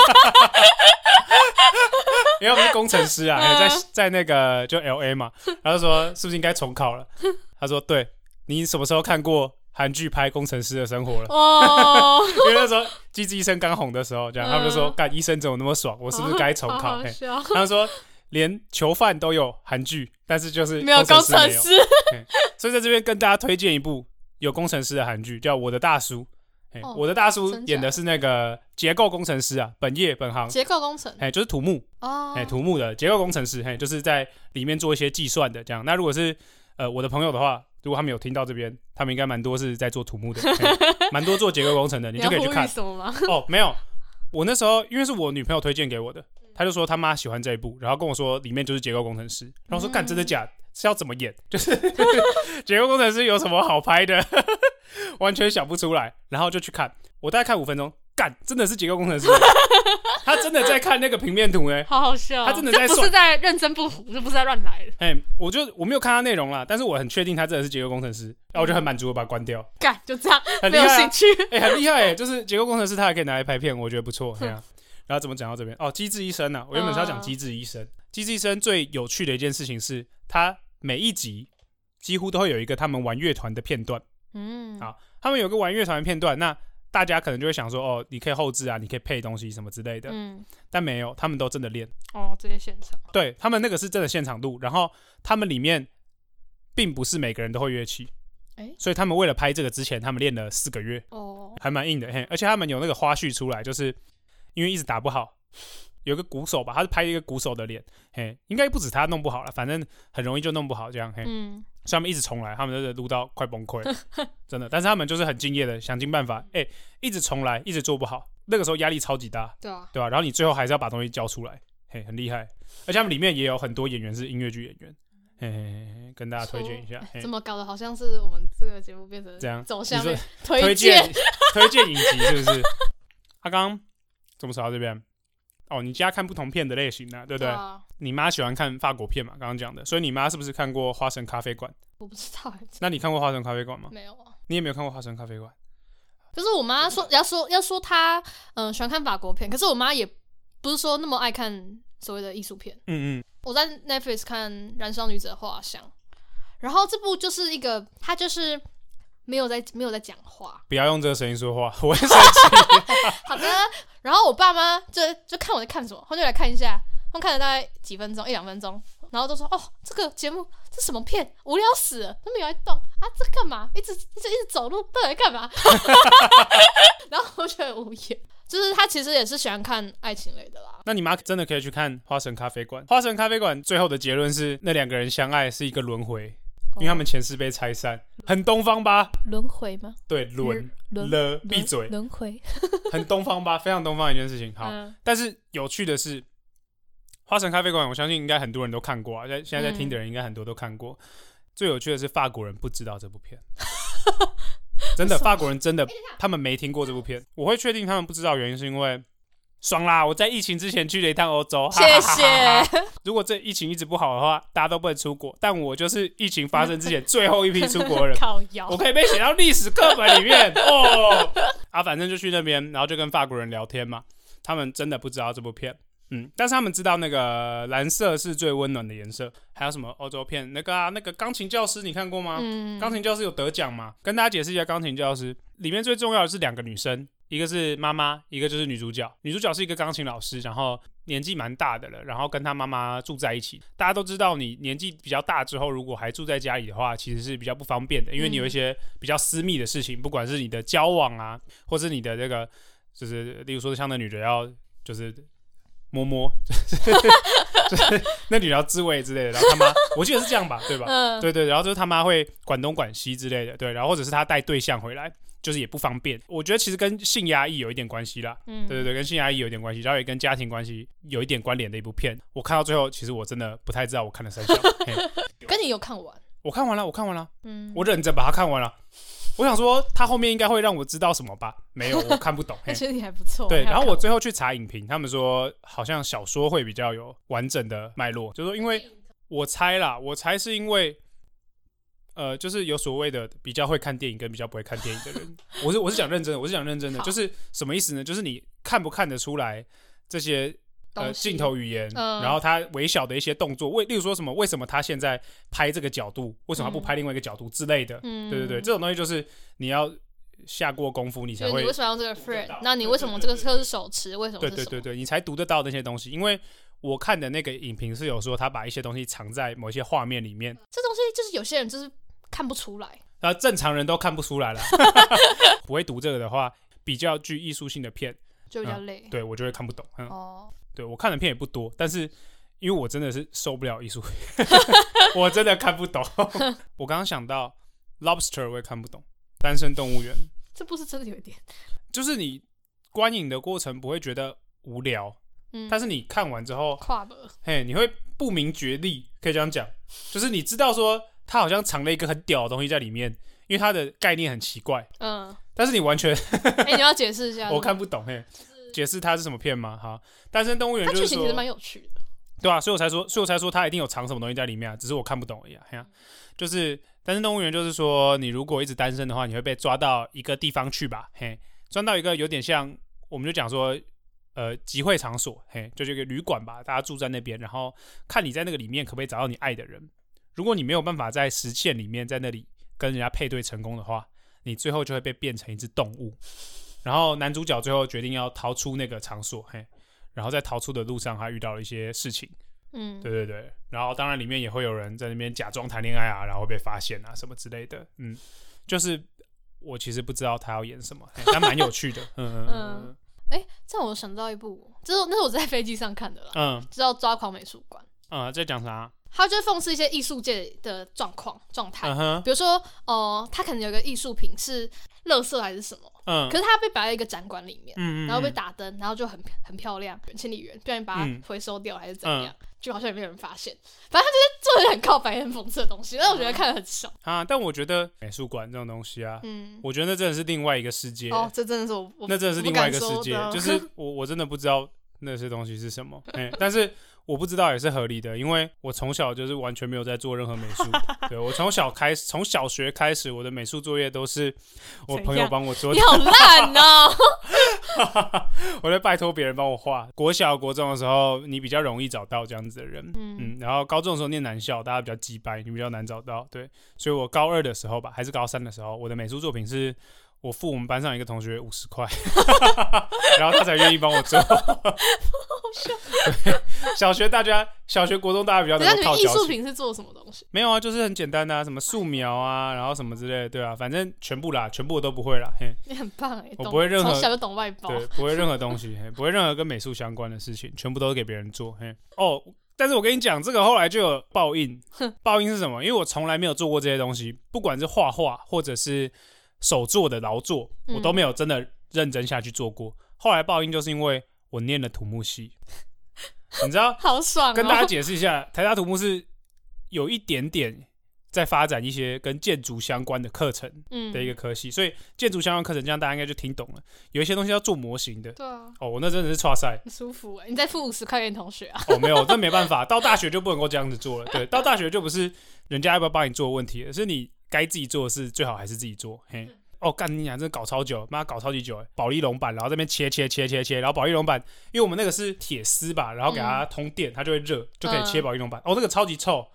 因為我是工程師啊，嗯欸、在，在那個就 LA 嘛，他就說是不是應該重考了？嗯、他說對，你什麼時候看過韓劇拍工程師的生活了？哦， 因為那時候《機智醫生》剛紅的時候，這樣、嗯、他們就說幹醫生怎麼那麼爽？我是不是該重考？好好笑欸、他說。連囚犯都有韓劇，但是就是沒有工程師，工程師、 欸。所以在這邊跟大家推薦一部有工程師的韓劇，叫《我的大叔》欸。哦、我的大叔演的是那個結構工程師啊，本業本行結構工程，哎、欸，就是土木哦、欸，土木的結構工程師、欸，就是在裡面做一些計算的這樣。那如果是呃我的朋友的話，如果他們有聽到這邊，他們應該蠻多是在做土木的，蠻、欸、 多做結構工程的，你就可以去看。你要什麼嗎？哦，沒有，我那時候因為是我女朋友推薦給我的。他就說他媽喜歡這一部，然後跟我說裡面就是結構工程師，然後我說幹、嗯、真的假的是要怎麼演？就是 結構工程師有什麼好拍的？ 完全想不出來。然後就去看，我大概看五分鐘，幹真的是結構工程師， 他真的在看那個平面圖哎，好好笑，他真的在不是在認真不糊，就不是在亂來的。哎、欸，我就我沒有看他內容啦，但是我很確定他真的是結構工程師，然後我就很滿足，把它關掉。幹就這樣，很、啊、有興趣。哎、欸，很厲害哎、欸，就是結構工程師他還可以拿來拍片，我覺得不錯這樣。然後怎麼講到這邊？哦，機智醫生呢、啊？我原本是要講機智醫生。呃、機智醫生最有趣的一件事情是，他每一集幾乎都會有一個他們玩樂團的片段。嗯，好，他們有個玩樂團的片段，那大家可能就會想說，哦，你可以後製啊，你可以配東西什麼之類的。嗯，但沒有，他們都真的練。哦，這些現場？對，他們那個是真的現場錄，然後他們裡面並不是每個人都會樂器。誒所以他們為了拍這個，之前他們練了四個月。哦，還蠻硬的，嘿。而且他們有那個花絮出來，就是。因為一直打不好，有個鼓手吧，他是拍一個鼓手的臉，嘿，應該不止他弄不好了，反正很容易就弄不好這樣，嘿，嗯、所以他們一直重來，他們就是錄到快崩潰， 真的，但是他們就是很敬業的，想盡辦法，哎、欸，一直重來，一直做不好，那個時候壓力超級大，對啊，對吧、對啊？然後你最後還是要把東西交出來，嘿，很厲害，而且他們裡面也有很多演員是音樂劇演員，嗯、嘿，嘿，嘿，跟大家推薦一下，初嘿怎麼搞的？好像是我們這個節目變成這樣走向推薦推薦 影集是不是？他剛剛。怎麼說這邊？哦，你家看不同片的類型的，啊，對不對？對啊，你媽喜歡看法國片嘛？剛剛講的，所以你媽是不是看過《花神咖啡館》？我不知道。那你看過《花神咖啡館》嗎？沒有，啊。你也沒有看過《花神咖啡館》？可是我媽說，要說要說她嗯、呃、喜歡看法國片，可是我媽也不是說那麼愛看所謂的藝術片。嗯嗯。我在 Netflix 看《燃燒女子的畫像》，然後這部就是一個，她就是沒有在沒有在講話。不要用這個聲音說話，我也生氣。 好的。然後我爸媽就就看我在看什麼，他就來看一下，他們看了大概幾分鐘，一兩分鐘，然後就說：“哦，這個節目這什麼片，無聊死了。”都沒有在動啊，這幹嘛？一直一直一直走路，到底幹嘛？ 然後我覺得無言，就是他其實也是喜歡看愛情類的啦。那你媽真的可以去看花神咖啡館《花神咖啡館》。《花神咖啡館》最後的結論是，那兩個人相愛是一個輪迴。因為他們前世被拆散，很東方吧？輪迴嗎？對，輪了，閉嘴，輪迴，很東方吧？非常東方的一件事情。好，但是有趣的是，《花神咖啡館》，我相信應該很多人都看過啊。在現在在聽的人，應該很多都看過。最有趣的是，法國人不知道這部片，真的，法國人真的，他們沒聽過這部片。我會確定他們不知道，原因是因為。爽啦！我在疫情之前去了一趟歐洲。哈哈哈哈哈哈謝謝。如果這疫情一直不好的話，大家都不會出國，但我就是疫情發生之前最後一批出國人， 謠我可以被寫到歷史課本裡面 哦。啊，反正就去那邊，然後就跟法國人聊天嘛。他們真的不知道這部片，嗯，但是他們知道那個藍色是最溫暖的顏色，還有什麼歐洲片那個啊那個鋼琴教師你看過嗎？鋼、嗯、琴教師有得獎嗎？跟大家解釋一下，鋼琴教師裡面最重要的是兩個女生。一個是媽媽，一個就是女主角。女主角是一個鋼琴老師，然後年紀蠻大的了，然後跟她媽媽住在一起。大家都知道，你年紀比較大之後，如果還住在家裡的話，其實是比較不方便的，因為你有一些比較私密的事情，嗯、不管是你的交往啊，或是你的那個，就是例如說像那女的要就是摸摸，就是、 就是、那女的要自慰之類的。然後他媽，我記得是這樣吧，對吧？嗯、對對，然後就是他媽會管東管西之類的，對，然後或者是她帶對象回來。就是也不方便，我覺得其實跟性壓抑有一點關係啦，嗯，對對對，跟性壓抑有一點關係，然後也跟家庭關係有一點關聯的一部片。我看到最後，其實我真的不太知道我看了什麼。跟你有看完？我看完了，我看完了，嗯，我忍着把它看完了。我想說，他後面應該會讓我知道什麼吧？沒有，我看不懂。我覺得你還不錯。對，然後我最後去查影評，他們說好像小說會比較有完整的脈絡，就是說因為我猜啦，我猜是因為。呃，就是有所謂的比較會看電影跟比較不會看電影的人，我是我是講認真的，我是講認真的，好就是什麼意思呢？就是你看不看得出來這些西呃鏡頭語言，嗯、然後他微小的一些動作，為例如說什麼為什麼他現在拍這個角度，為什麼不拍另外一個角度之類的？嗯、對對對，這種東西就是你要下過功夫，你才會。你為什麼要這個 frame，那你為什麼這個車是手持？為什麼，什麼對，對，對，對對對對，你才讀得到的那些東西？因為我看的那個影評是有說他把一些東西藏在某些畫面裡面，嗯、這東西就是有些人就是。看不出來，那、啊、正常人都看不出來了。 不會讀這個的話，比較具藝術性的片就比較累。嗯、對我就會看不懂。嗯，哦、對我看的片也不多，但是因為我真的是受不了藝術， 我真的看不懂。 我剛剛想到《 Lobster》我也看不懂，《單身動物園、嗯》這不是真的有點。就是你觀影的過程不會覺得無聊，嗯，但是你看完之後，跨了嘿，你會不明覺厲，可以這樣講，就是你知道說。他好像藏了一個很屌的東西在裡面，因為他的概念很奇怪。嗯，但是你完全，哎、 欸，你要解釋一下是不是，我看不懂。嘿、欸，就是、解釋他是什麼片嗎？哈，單身動物園，它劇情其實蠻有趣的。對啊，所以我才說，所以我才說他一定有藏什麼東西在裡面啊，只是我看不懂而已、啊。嘿、啊嗯、就是單身動物園，就是說你如果一直單身的話，你會被抓到一個地方去吧？嘿，抓到一個有點像，我們就講說，呃，集會場所，嘿，就這、是、個旅館吧，大家住在那邊，然後看你在那個裡面可不可以找到你愛的人。如果你沒有辦法在時限裡面在那裡跟人家配對成功的話，你最後就會被變成一隻動物。然後男主角最後決定要逃出那個場所，嘿，然後在逃出的路上還遇到了一些事情，嗯，對對對，然後當然裡面也會有人在那邊假裝談戀愛啊，然後被發現啊什麼之類的，嗯，就是我其實不知道他要演什麼，還蠻有趣的， 嗯呵呵嗯，哎、欸，讓我想到一部、哦，這是那是我在飛機上看的啦，嗯，知道《抓狂美術館》。啊，在講啥？他就是諷刺一些藝術界的狀況狀態，比如說，哦，他可能有個藝術品是垃圾還是什麼，嗯，可是他被擺在一個展館裡面，嗯然後被打燈，然後就很很漂亮，千里遠，不然把它回收掉還是怎樣，就好像也沒有人發現，反正他就是做得很靠白、很諷刺的東西，那我覺得看的很少啊。但我覺得美術館這種東西啊，嗯，我覺得那真的是另外一個世界哦，這真的是我，那真的是另外一個世界，就是我我真的不知道那些東西是什麼，哎，但是。我不知道也是合理的，因為我從小就是完全沒有在做任何美術。 對，我從小開始，從小學開始，我的美術作業都是我朋友幫我做的，你好爛哦、喔！ 我在拜託別人幫我畫。國小、國中的時候，你比較容易找到這樣子的人，嗯嗯。然後高中的時候念男校，大家比較雞掰，你比較難找到。對，所以我高二的時候吧，還是高三的時候，我的美術作品是。我付我們班上一個同學五十塊，然後他才願意幫我做。 小學大家，小學、國中大家比較那個。那藝術品是做什麼東西？沒有啊，就是很簡單的啊，什麼素描啊，然後什麼之類，對啊。反正全部啦，全部我都不會啦。你很棒，我不會任何，懂對，不會任何東西，不會任何跟美術相關的事情，全部都是給別人做。嘿，哦，但是我跟你講，這個後來就有報應。報應是什麼？因為我從來沒有做過這些東西，不管是畫畫或者是。手做的勞作，我都沒有真的認真下去做過。嗯、後來報應，就是因為我念了土木系，你知道？好爽，哦！跟大家解釋一下，台大土木是有一點點在發展一些跟建築相關的課程的一個科系，嗯、所以建築相關課程，這樣大家應該就聽懂了。有一些東西要做模型的，對啊。哦，我那真的是叉塞很舒服哎！你在付五十塊錢同學啊？ 哦，沒有，這沒辦法，到大學就不能夠這樣子做了。對， 到大學就不是人家要不要幫你做問題，而是你。該自己做的事最好還是自己做。嘿，哦，幹你娘，真的搞超久，媽搞超級久。保麗龍板，然後在這邊切切切切切，然後保麗龍板，因為我們那個是鐵絲吧，然後給它通電，嗯、它就會熱，就可以切保麗龍板。嗯、哦，那個超級臭，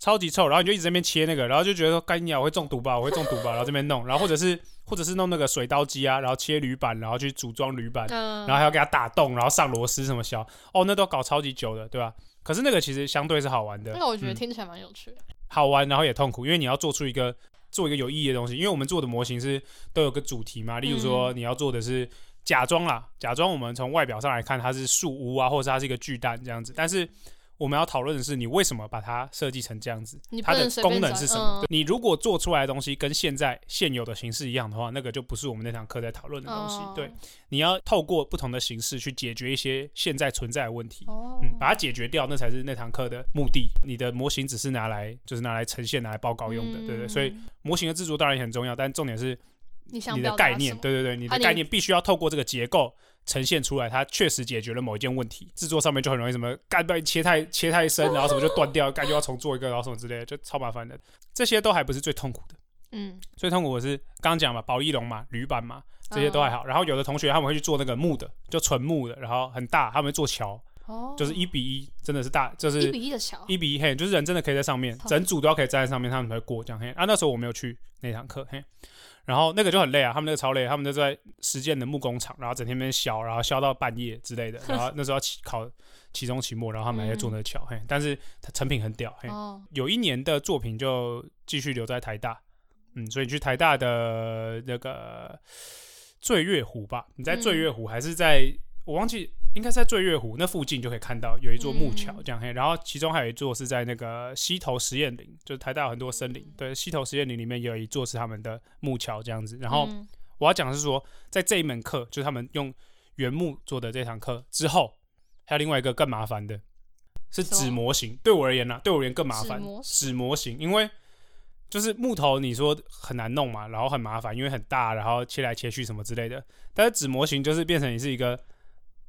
超級臭。然後你就一直在那邊切那個，然後就覺得說，幹你娘，我會中毒吧，我會中毒吧。 然後這邊弄，然後或者是或者是弄那個水刀機啊，然後切鋁板，然後去組裝鋁板，嗯、然後還要給它打洞，然後上螺絲什麼小。哦，那都搞超級久的，對吧、啊？可是那個其實相對是好玩的，那個我覺得、嗯、聽起來蠻有趣的。好玩，然後也痛苦，因為你要做出一個做一個有意義的東西。因為我們做的模型是都有個主題嘛，例如說、嗯、你要做的是假裝啦，假裝、啊、我們從外表上來看它是樹屋啊，或者是它是一個巨蛋這樣子，但是。我們要討論的是，你為什麼把它設計成這樣子？它的功能是什麼、嗯？你如果做出來的東西跟現在現有的形式一樣的話，那個就不是我們那堂課在討論的東西。哦、對，你要透過不同的形式去解決一些現在存在的問題，哦、嗯，把它解決掉，那才是那堂課的目的。你的模型只是拿來，就是拿來呈現、拿來報告用的，對不、嗯、對？所以模型的製作當然也很重要，但重點是。你的概念，對對對，你的概念必須要透過這個結構呈現出來。啊、它確實解決了某一件問題。制作上面就很容易什麼，幹不切太切太深，然後什麼就斷掉，幹、哦、就要重做一個，然後什麼之類的，就超麻煩的。這些都還不是最痛苦的，嗯，最痛苦的是剛講嘛，保麗龍嘛，鋁板嘛，這些都還好。哦、然後有的同學他們會去做那個木的，就純木的，然後很大，他們會做橋，哦、就是一比一，真的是大，就是一比一的橋，一比一嘿，就是人真的可以在上面，的整組都要可以站在上面，他們才會過這樣嘿。啊，那時候我沒有去那堂課嘿。然後那個就很累啊，他們那個超累，他們就在實踐的木工廠，然後整天那邊削，然後削到半夜之類的。然後那時候要考期中、期末，然後他們還在做那個橋、嗯、嘿，但是他成品很屌嘿。哦、有一年的作品就繼續留在台大，嗯，所以去台大的那個醉月湖吧，你在醉月湖還是在、嗯、我忘記。應該在醉月湖那附近就可以看到有一座木橋這樣、嗯、嘿，然後其中還有一座是在那個溪頭實驗林，就是台大有很多森林，對溪頭實驗林裡面有一座是他們的木橋這樣子。然後我要講的是說，在這一門課，就是他們用原木做的這堂課之後，還有另外一個更麻煩的是紙模型。說。對我而言呢、啊，對我而言更麻煩紙模型，紙模型因為就是木頭你說很難弄嘛，然後很麻煩，因為很大，然後切來切去什麼之類的。但是紙模型就是變成你是一個。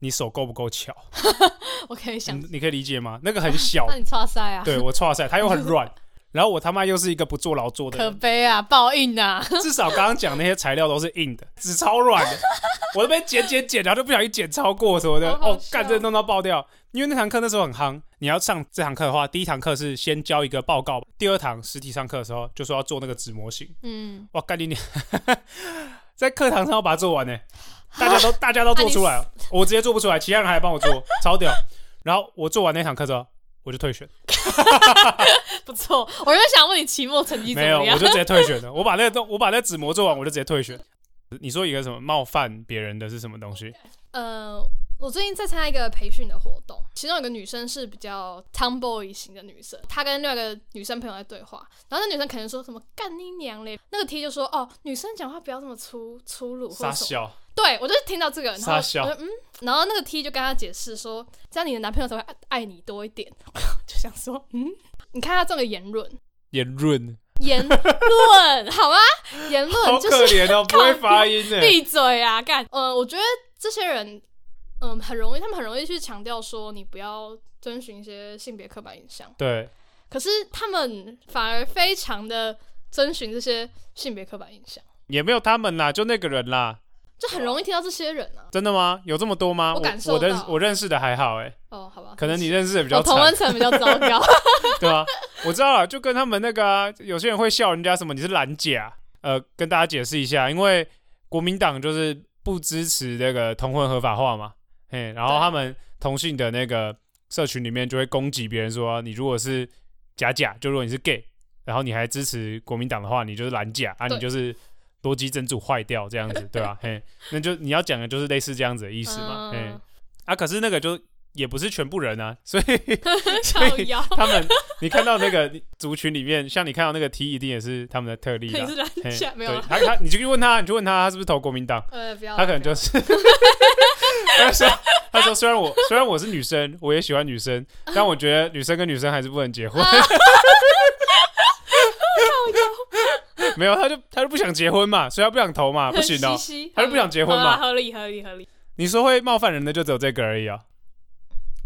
你手夠不夠巧？ 我可以想你，你可以理解嗎？那個很小， 啊、那你搓塞啊？對我搓塞，它又很軟， 然後我他媽又是一個不做勞作的，可悲啊，報應啊！至少剛剛講那些材料都是硬的，紙超軟的， 我都被剪剪剪，然後就不小心剪超過什麼的，好好哦，幹這弄到爆掉。因為那堂課那時候很夯，你要上這堂課的話，第一堂課是先交一個報告，第二堂實體上課的時候就說要做那個紙模型，嗯，哇，幹你娘， 在課堂上我把它做完呢。大家都大家都做出來了，啊、我直接做不出來， 其他人還幫我做，超屌。然後我做完那堂課之後，我就退選。 不錯，我就想問你期末成績怎麼樣？沒有，我就直接退選了。 我把那個，我把那紙模做完，我就直接退選。 你說一個什麼冒犯別人的是什麼東西？Okay. 呃，我最近在參加一個培訓的活動，其中有一個女生是比較 tomboy 型的女生，她跟另外一個女生朋友在對話，然後那女生可能說什麼幹你娘嘞，那個 T 就說哦，女生講話不要這麼粗粗魯或什對，我就是聽到這個，然後殺小，我嗯，然後那個 T 就跟他解釋說，這樣你的男朋友才會愛你多一點， 就想說嗯，你看他這個言論，言論，言論好嗎？言論、就是、好可憐哦，不會發音呢，閉嘴啊！幹，呃，我覺得這些人，嗯、呃，很容易，他們很容易去強調說你不要遵循一些性別刻板印象，對，可是他們反而非常的遵循這些性別刻板印象，也沒有他們啦，就那個人啦。就很容易聽到這些人啊！Wow. 真的嗎？有這麼多嗎？我感受到我，我的我認識的還好誒、欸。哦，好吧，可能你認識的比較……我、哦、同溫層比較糟糕，對啊。我知道了，就跟他們那個、啊、有些人會笑人家什麼你是藍甲。呃，跟大家解釋一下，因為國民黨就是不支持那個同婚合法化嘛，嘿，然後他們同性的那個社群裡面就會攻擊別人說，你如果是假假，就如果你是 gay，然後你還支持國民黨的話，你就是藍甲，啊，你就是。多機整組壞掉這樣子，對吧、啊？ 嘿，那就你要講的就是類似這樣子的意思嘛，嗯、嘿啊，可是那個就也不是全部人啊，所以 妖所以他們，你看到那個族群裡面，像你看到那個 T，一定也是他們的特例，沒有啦對，他他，你就去問他，你就去問他，他是不是投國民黨？呃，不要，他可能就是， 他說他說，雖然我 雖然我是女生，我也喜歡女生，但我覺得女生跟女生還是不能結婚。啊 沒有，他就他就不想結婚嘛，所以他不想投嘛，不行哦？息息他就不想結婚嘛，合理合理合理。理理你說會冒犯人的就只有這個而已啊，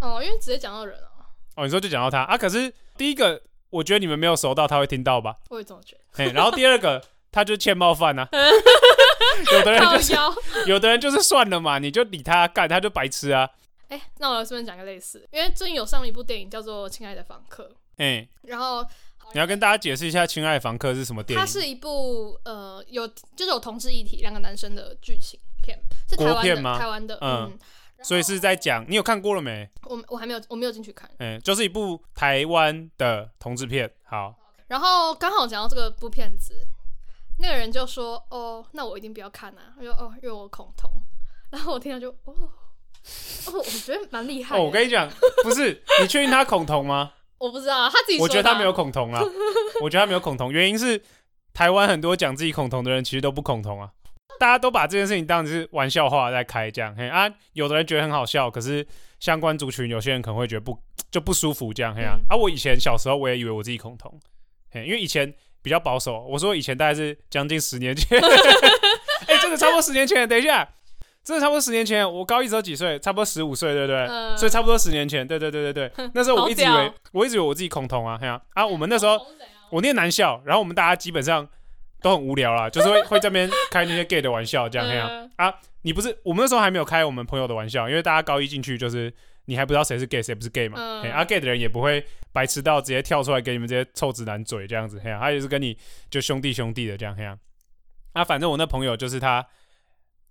哦？哦，因為直接講到人了，哦。哦，你說就講到他啊，可是第一個，我覺得你們沒有熟到，他會聽到吧？我也這麼覺得。嘿，欸，然後第二個， 他就欠冒犯呢，啊。 有的人就是，靠腰有的人就是算了嘛，你就理他幹，他就白癡啊。哎，欸，那我順便講個類似，因為最近有上一部電影叫做《親愛的房客》，哎，欸，然後。你要跟大家解釋一下，《親愛的房客》是什麼電影？它是一部呃，有就是有同志議題，兩個男生的劇情片，是台灣的嗎？台灣的，嗯，所以是在講。你有看過了沒？我我還沒有，我沒有進去看。嗯、欸，就是一部台灣的同志片。好，然後剛好講到這個部片子，那個人就說：“哦，那我一定不要看吶、啊。”他說：“哦，因為我恐同。”然後我聽了就：“哦哦，我覺得蠻厲害、欸。哦”我跟你講，不是，你確定他恐同嗎？ 我不知道，他自己說他。我覺得他沒有恐同啊， 我覺得他沒有恐同，原因是台灣很多講自己恐同的人其實都不恐同啊，大家都把這件事情當成是玩笑話在開，這樣嘿。啊，有的人覺得很好笑，可是相關族群有些人可能會覺得不就不舒服這樣。嘿啊，嗯、啊我以前小時候我也以為我自己恐同，因為以前比較保守，我說以前大概是將近十年前，哎、 欸，真的超過十年前，等一下。這差不多十年前，我高一時候幾歲？差不多十五歲，對不對？所以差不多十年前，對對對對對。那時候我一直以為，我一直以為我自己恐同啊，嘿啊。我們那時候我念男校，然後我們大家基本上都很無聊啊，就是會會這邊開那些 gay 的玩笑這樣嘿啊。你不是我們那時候還沒有開我們朋友的玩笑，因為大家高一進去就是你還不知道誰是 gay 誰不是 gay 嘛。啊，gay 的人也不會白痴到直接跳出來給你們這些臭直男嘴這樣子，他也是跟你就兄弟兄弟的這樣嘿啊，反正我那朋友就是他。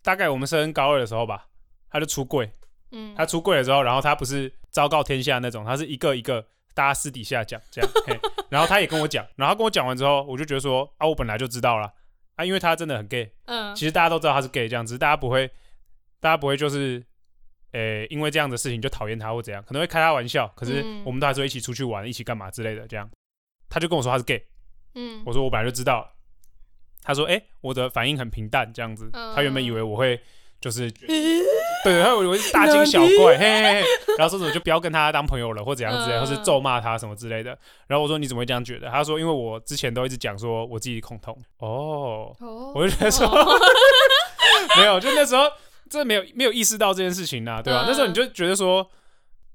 大概我們升高二的時候吧，他就出櫃。嗯。他出櫃了之後，然後他不是昭告天下那種，他是一個一個大家私底下講這樣 嘿。然後他也跟我講，然後他跟我講完之後，我就覺得說啊，我本來就知道了啊，因為他真的很 gay。嗯。其實大家都知道他是 gay，這樣子，只是大家不會，大家不會就是，誒、欸，因為這樣的事情就討厭他或怎樣，可能會開他玩笑，可是我們都還是會一起出去玩，嗯、一起幹嘛之類的這樣。他就跟我說他是 gay。嗯。我說我本來就知道。他說：“哎、欸，我的反應很平淡，這樣子。嗯、他原本以為我會就是，欸、對，他以為是大驚小怪，嘿裡嘿嘿。然後說什麼就不要跟他當朋友了，或怎樣子，嗯、或是咒罵他什麼之類的。然後我說你怎麼會這樣覺得？他說因為我之前都一直講說我自己恐同。哦，哦我就覺得說、哦、 沒有，就那時候真的沒有沒有意識到這件事情呢、啊，對吧、啊？嗯、那時候你就覺得說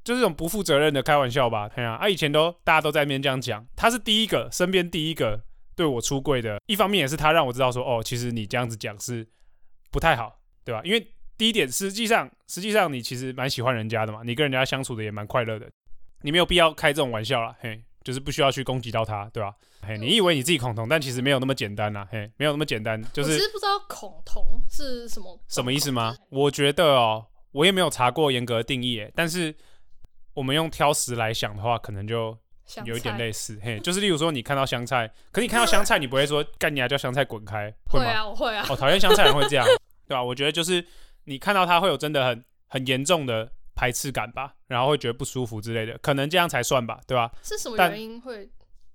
就是這種不負責任的開玩笑吧？對呀、啊，他、啊、以前都大家都在那邊這樣講，他是第一個身邊第一個。”對我出櫃的，一方面也是他讓我知道說，哦，其實你這樣子講是不太好，對吧？因為第一點，實際上實際上你其實蠻喜歡人家的嘛，你跟人家相處的也蠻快樂的，你沒有必要開這種玩笑啦，嘿，就是不需要去攻擊到他，對吧？對嘿，你以為你自己恐同，但其實沒有那麼簡單啦。嘿，沒有那麼簡單，就是其實不知道恐同是什麼什麼意思嗎？我覺得哦，我也沒有查過嚴格的定義欸，但是我們用挑食來想的話，可能就。香有一點類似， 嘿，就是例如說，你看到香菜，可是你看到香菜，你不會說“幹 你啊，叫香菜滾開”，會嗎？會啊，我會啊。我討厭香菜，人會這樣， 對吧、啊？我覺得就是你看到它會有真的很很嚴重的排斥感吧，然後會覺得不舒服之類的，可能這樣才算吧，對吧、啊？是什麼原因會？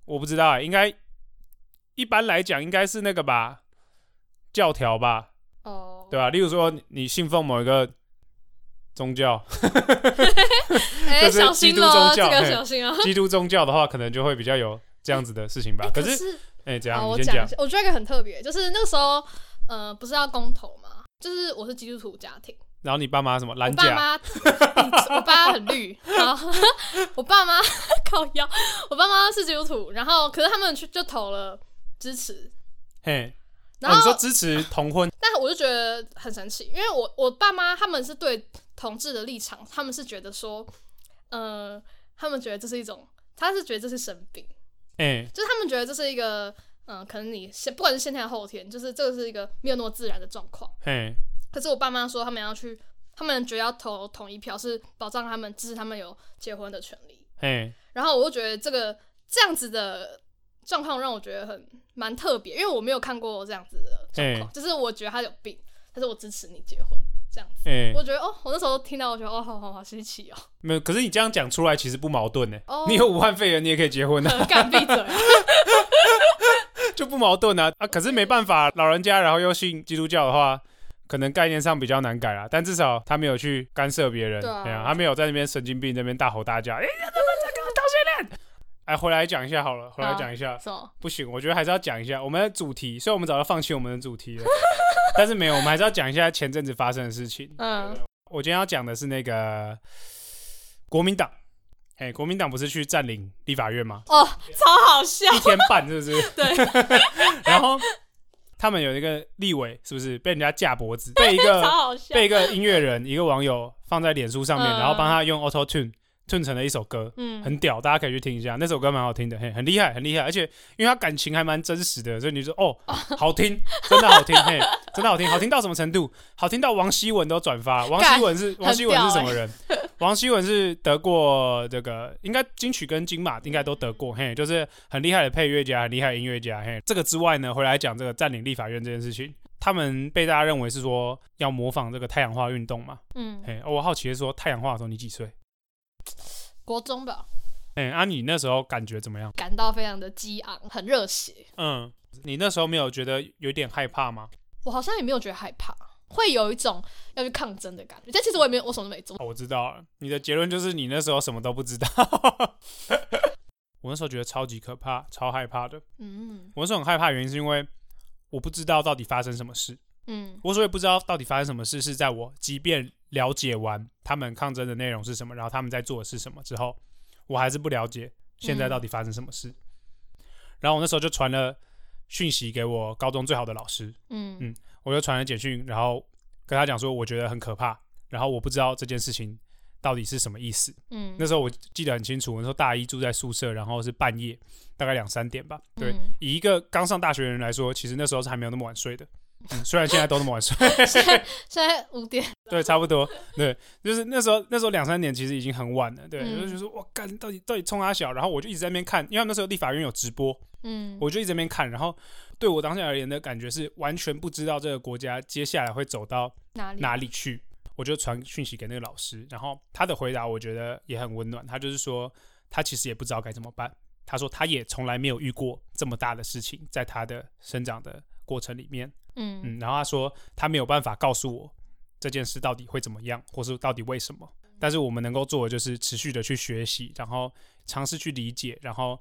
我不知道、欸，應該一般來講應該是那個吧，教條吧。哦，oh. 對吧、啊？例如說，你信奉某一個。宗教，哎、 欸，小心哦、喔，這個要小心哦、喔欸。基督宗教的話，可能就會比較有這樣子的事情吧。欸、可是，哎、欸，這樣我講一下，好我覺得一個很特別，就是那個時候，呃，不是要公投嘛，就是我是基督徒家庭。然後你爸媽什麼？我爸媽， 我爸很綠，然後我爸媽靠腰，我爸媽是基督徒，然後可是他們就投了支持。嘿、欸，然後、啊、說支持同婚，但我就覺得很神奇，因為我我爸媽他們是對。同志的立場，他們是覺得說，呃，他們覺得這是一種，他是覺得這是神病，欸、就是他們覺得這是一個，嗯、呃，可能你先不管是先天後天，就是這個是一個沒有那麼自然的狀況，欸、可是我爸媽說他們要去，他們覺得要投同意票是保障他們支持他們有結婚的權利，欸、然後我就覺得這個這樣子的狀況讓我覺得很蠻特別，因為我沒有看過這樣子的狀況，欸、就是我覺得他有病，但是我支持你結婚。這樣子，哎、欸，我覺得哦，我那時候聽到，我覺得哦，好好好，神奇，奇哦。沒有，可是你這樣講出來，其實不矛盾呢。哦、你有武漢肺炎，你也可以結婚呢、啊。呵呵，幹，閉嘴 就不矛盾啊。啊！可是沒辦法，Okay. 老人家然後又信基督教的話，可能概念上比較難改啦。但至少他沒有去干涉別人，對啊，他沒有在那邊神經病那邊大吼大叫。哎，怎麼哎，回來講一下好了，回來講一下，好不行，麼我覺得還是要講一下我們的主題，所以我們早就放棄我們的主題了。 但是沒有，我們還是要講一下前陣子發生的事情。嗯，我今天要講的是那個國民黨，哎，國民黨不是去占領立法院嗎？哦，超好笑，一天半是不是？對， 然後他們有一個立委，是不是被人家架脖子？被一個，超好笑，被一個音樂人，一個網友放在臉書上面，嗯，然後幫他用 Auto Tune。寸成的一首歌，嗯，很屌，大家可以去聽一下。那首歌蠻好聽的，嘿，很厲害，很厲害。而且，因為他感情還蠻真實的，所以你就說，哦，好聽，真的好聽，嘿，真的好聽，好聽到什麼程度？好聽到王希文都轉發。王希文是，王希文是什麼人？欸、王希文是得過這個，應該金曲跟金馬應該都得過，嘿，就是很厲害的配樂家，很厲害的音樂家，嘿。這個之外呢，回來講這個佔領立法院這件事情，他們被大家認為是說要模仿這個太陽花運動嘛，嗯，嘿。我好奇的說，太陽花的時候你幾歲？國中吧，哎、欸，啊，你那時候感覺怎麼樣？感到非常的激昂，很熱血。嗯，你那時候沒有覺得有點害怕嗎？我好像也沒有覺得害怕，會有一種要去抗爭的感覺。但其實我也沒有，我什麼都沒做。我知道了，你的結論就是你那時候什麼都不知道。 我那時候覺得超級可怕，超害怕的。嗯，我那時候很害怕的原因是因為我不知道到底發生什麼事。嗯，我所以不知道到底發生什麼事是在我即便。了解完他們抗爭的內容是什麼，然後他們在做的是什麼之後，我還是不了解現在到底發生什麼事。嗯、然後我那時候就傳了訊息給我高中最好的老師，嗯嗯，我就傳了簡訊，然後跟他講說我覺得很可怕，然後我不知道這件事情到底是什麼意思。嗯，那時候我記得很清楚，我那時候大一住在宿舍，然後是半夜大概兩三點吧，對，嗯、以一個剛上大學的人來說，其實那時候是還沒有那麼晚睡的。嗯，雖然現在都那麼晚睡， 現在現在五點， 對，差不多，對，就是那時候那時候兩三點其實已經很晚了，對，嗯、就是說我幹，到底到底衝阿小，然後我就一直在那邊看，因為那時候立法院有直播，嗯，我就一直在那邊看，然後對我當下而言的感覺是完全不知道這個國家接下來會走到哪裡去哪裡去，我就傳訊息給那個老師，然後他的回答我覺得也很溫暖，他就是說他其實也不知道該怎麼辦，他說他也從來沒有遇過這麼大的事情，在他的生長的過程裡面。嗯嗯，然後他說他沒有辦法告訴我這件事到底會怎麼樣，或是到底為什麼。但是我們能夠做的就是持續的去學習，然後嘗試去理解，然後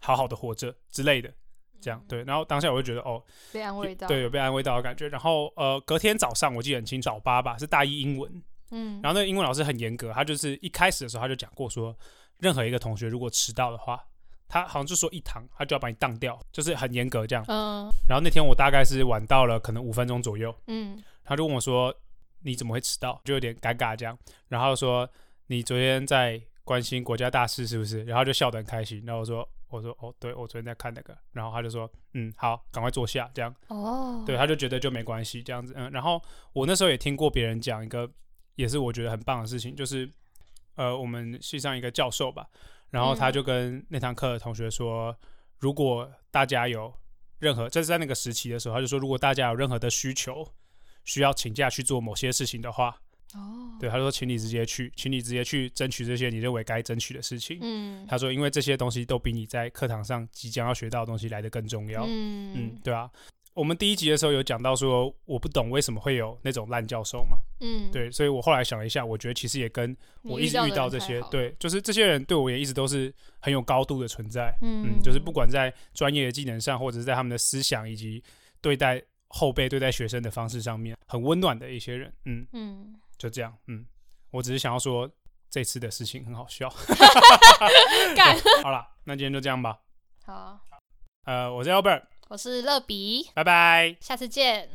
好好的活着之類的，這樣，對。然後當下我就覺得哦，被安慰到，對，有被安慰到的感覺。然後呃，隔天早上我記得很清楚，早八吧是大一英文，嗯，然後那個英文老師很嚴格，他就是一開始的時候他就講過說，任何一個同學如果遲到的話。他好像就說一堂，他就要把你當掉，就是很嚴格這樣。嗯。然後那天我大概是晚到了可能五分鐘左右。嗯。他就問我說：“你怎麼會遲到？”就有點尷尬這樣。然後說：“你昨天在關心國家大事是不是？”然後就笑得很開心。然後我說：“我說哦，對，我昨天在看那個。”然後他就說：“嗯，好，趕快坐下這樣。”哦。對，他就覺得就沒關係這樣子。嗯。然後我那時候也聽過別人講一個，也是我覺得很棒的事情，就是呃，我們系上一個教授吧。然後他就跟那堂課的同學說：“嗯、如果大家有任何，就是在那個時期的時候，他就說，如果大家有任何的需求，需要請假去做某些事情的話，哦、對，他說，請你直接去，請你直接去爭取這些你認為該爭取的事情。嗯、他說，因為這些東西都比你在課堂上即將要學到的東西來得更重要。嗯嗯，對啊。”我們第一集的時候有講到說，我不懂為什麼會有那種爛教授嘛，嗯，對，所以我後來想了一下，我覺得其實也跟我一直遇到這些，對，就是這些人對我也一直都是很有高度的存在，嗯，嗯，就是不管在專業的技能上，或者是在他們的思想以及對待後輩、對待學生的方式上面，很溫暖的一些人，嗯嗯，就這樣，嗯，我只是想要說這次的事情很好笑，哈哈哈哈哈哈幹。好了，那今天就這樣吧，好，呃，我是 Albert。我是樂比 bye bye，拜拜，下次見。